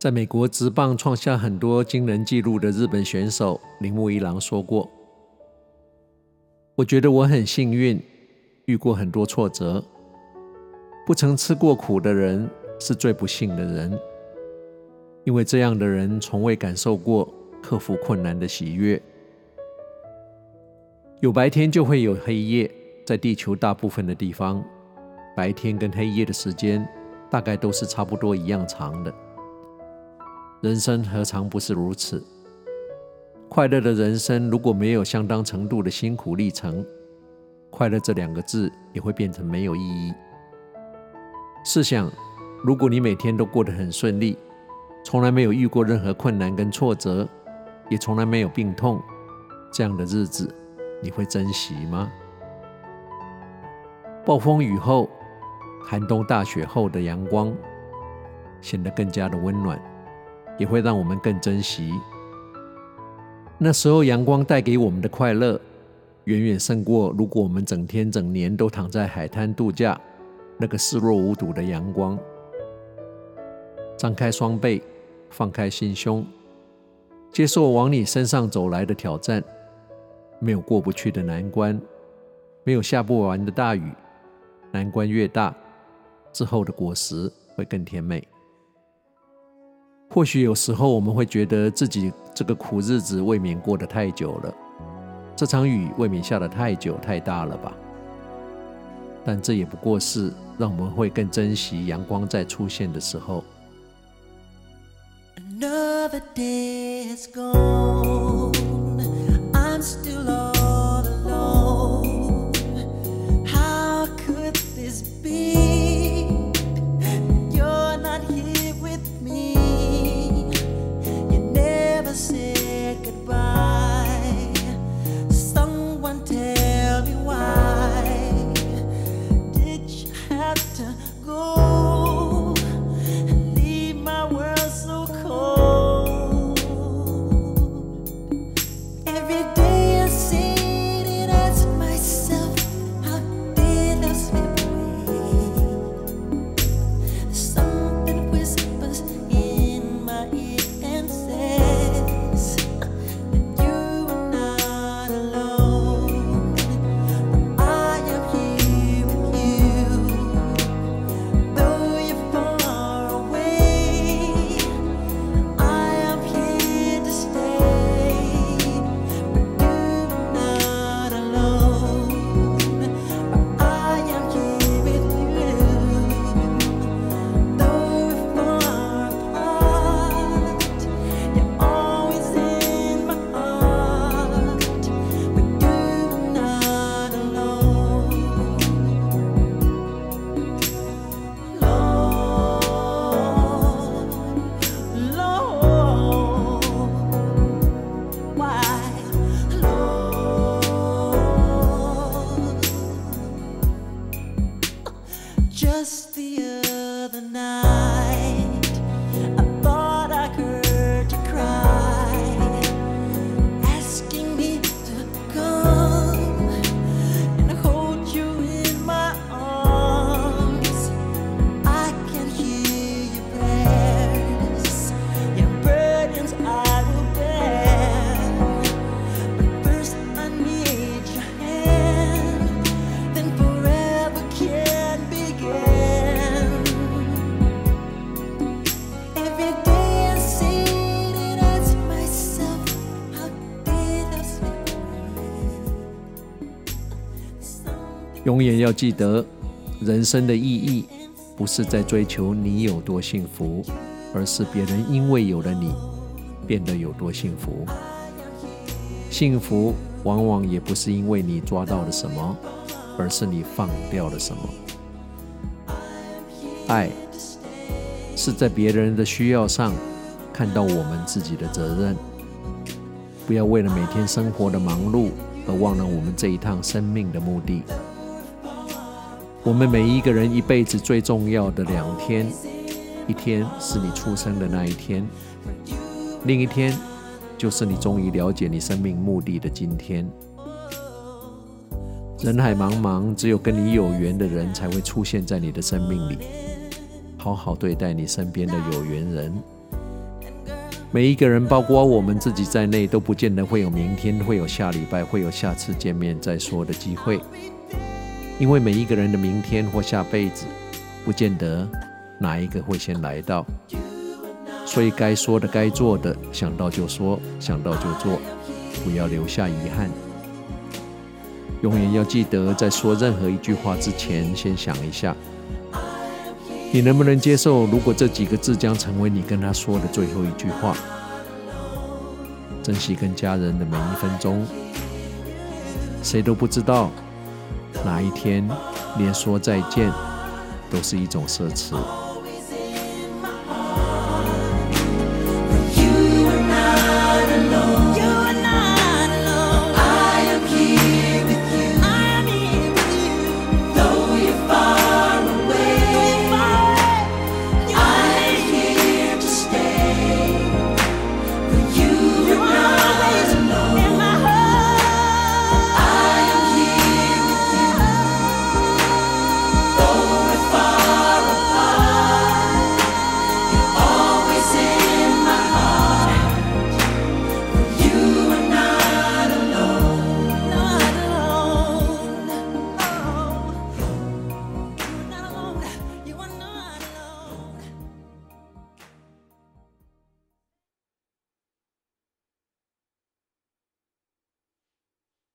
在美國職棒創下很多驚人紀錄的日本選手鈴木一郎說過：“我覺得我很幸運，遇過很多挫折。不曾吃過苦的人是最不幸的人，因為這樣的人從未感受過克服困難的喜悅。有白天就會有黑夜，在地球大部分的地方，白天跟黑夜的時間大概都是差不多一樣長的。”人生何嘗不是如此？快樂的人生如果沒有相當程度的辛苦歷程，快樂這兩個字也會變成沒有意義。試想，如果你每天都過得很順利，從來沒有遇過任何困難跟挫折，也從來沒有病痛，這樣的日子你會珍惜嗎？暴風雨後，寒冬大雪後的陽光，顯得更加的溫暖。也會讓我們更珍惜那時候陽光帶給我們的快樂，遠遠勝過如果我們整天整年都躺在海灘度假，那個視若無睹的陽光。張開雙臂，放開心胸，接受往你身上走來的挑戰。沒有過不去的難關，沒有下不完的大雨。難關越大，之後的果實會更甜美。或許有時候我們會覺得自己這個苦日子未免過得太久了，這場雨未免下得太久太大了吧？但這也不過是讓我們會更珍惜陽光再出現的時候。Another day is gone, 永遠要記得，人生的意義不是在追求你有多幸福，而是別人因為有了你變得有多幸福。幸福往往也不是因為你抓到了什麼，而是你放掉了什麼。愛是在別人的需要上看到我們自己的責任。不要為了每天生活的忙碌而忘了我們這一趟生命的目的。我們每一個人一輩子最重要的兩天，一天是你出生的那一天，另一天就是你終於了解你生命目的的今天。人海茫茫，只有跟你有緣的人才會出現在你的生命裡。好好對待你身邊的有緣人。每一個人，包括我們自己在內，都不見得會有明天，會有下禮拜，會有下次見面再說的機會。因為每一個人的明天或下輩子，不見得哪一個會先來到，所以該說的、該做的，想到就說，想到就做，不要留下遺憾。永遠要記得，在說任何一句話之前，先想一下，你能不能接受？如果這幾個字將成為你跟他說的最後一句話，珍惜跟家人的每一分鐘。誰都不知道。哪一天連說再見都是一種奢侈？